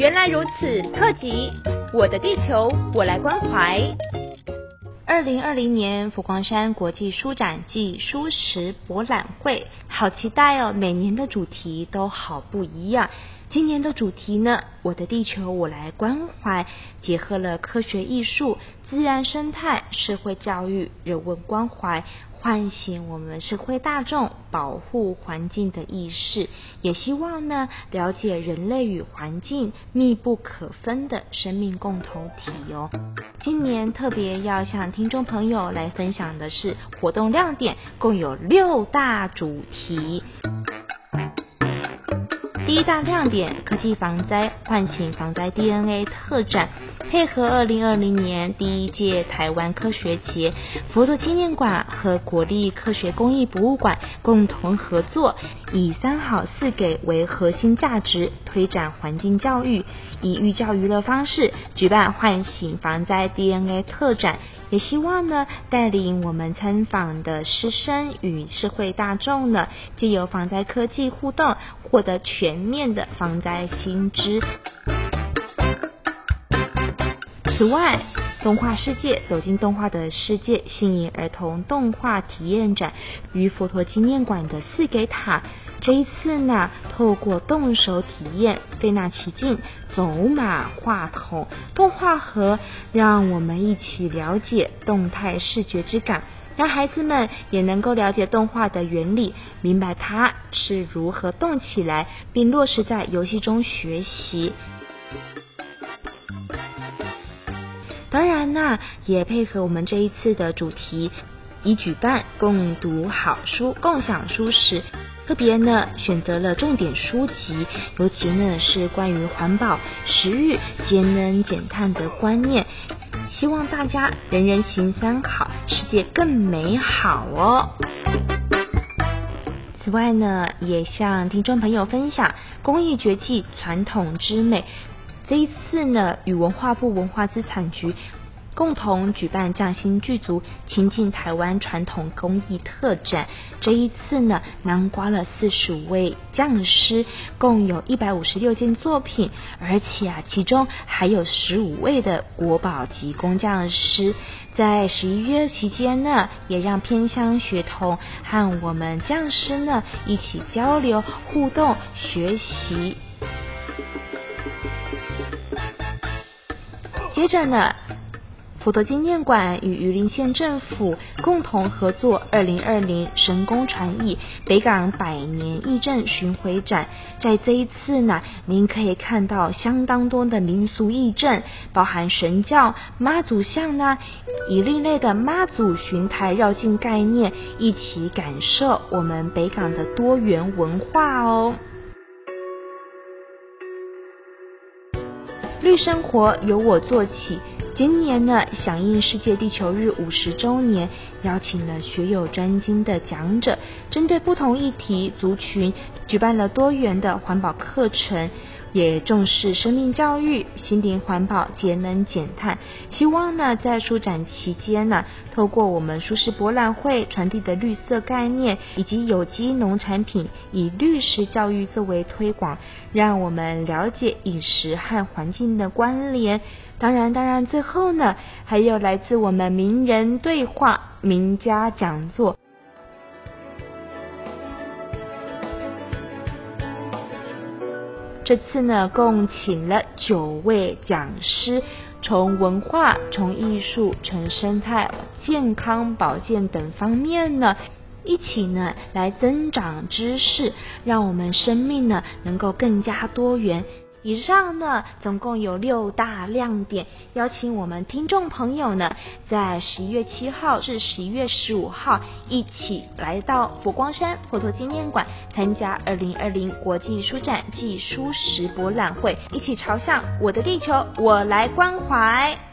原來如此，特輯《我的地球我來關懷》。二零二零年佛光山國際書展暨蔬食博覽會，好期待哦！每年的主題都好不一樣，今年的主題呢，《我的地球我來關懷》，結合了科學、藝術、自然、生態、社會教育、人文關懷。喚醒我們社會大眾保護環境的意識，也希望呢了解人類與環境密不可分的生命共同體喲、哦。今年特別要向聽眾朋友來分享的是活動亮點，共有六大主題。第一大亮點：科技防災，喚醒防災 DNA 特展，配合二零二零年第一屆台灣科學節，佛陀紀念館和國立科學工藝博物館共同合作，以三好四給為核心價值，推展環境教育，以寓教娛樂方式舉辦喚醒防災 DNA 特展，也希望呢帶領我們參訪的師生與社會大眾呢，藉由防災科技互動，獲得全。面的防災新知。此外，動畫世界，走進動畫的世界，吸引兒童動畫體驗展與佛陀紀念館的四給塔。這一次呢，透過動手體驗費納奇鏡、走馬話筒動畫盒，讓我們一起了解動態視覺之感，讓孩子們也能夠了解動畫的原理，明白它是如何動起來，並落實在遊戲中學習。當然呢，也配合我們這一次的主題，以舉辦“共讀好書，共享書時”。特別呢，選擇了重點書籍，尤其呢是關於環保、食育、節能、減碳的觀念，希望大家人人行三好，世界更美好哦。此外呢，也向聽眾朋友分享工藝絕技、傳統之美。這一次呢，與文化部文化資產局，共同舉辦匠心具足親近台灣傳統工藝特展。這一次呢，囊括了四十五位匠師，共有一百五十六件作品，而且啊，其中還有十五位的國寶級工匠師。在十一月期間呢，也讓偏鄉學童和我們匠師呢一起交流互動學習。接着呢。佛陀紀念館與雲林縣政府共同合作“二零二零神工傳藝北港百年藝陣巡迴展”。在這一次呢，您可以看到相當多的民俗藝陣，包含神轎、媽祖像呢，以另類的媽祖巡台繞境概念，一起感受我們北港的多元文化哦。綠生活由我做起。今年呢，響應世界地球日五十週年，邀請了學有專精的講者，針對不同議題、族群，舉辦了多元的環保課程。也重視生命教育、心靈環保、節能減碳。希望呢，在書展期間呢，透過我們書展博覽會傳遞的綠色概念以及有機農產品，以綠色教育作為推廣，讓我們了解飲食和環境的關聯。當然，當然，最後呢，還有來自我們名人對話、名家講座。這次呢，共請了九位講師，從文化、從藝術、從生態、健康、保健等方面呢，一起呢來增長知識，讓我們生命呢能夠更加多元。以上呢，總共有六大亮點，邀請我們聽眾朋友呢，在十一月七號至十一月十五號，一起來到佛光山佛陀紀念館，參加二零二零國際書展暨書食博覽會，一起朝向我的地球，我來關懷。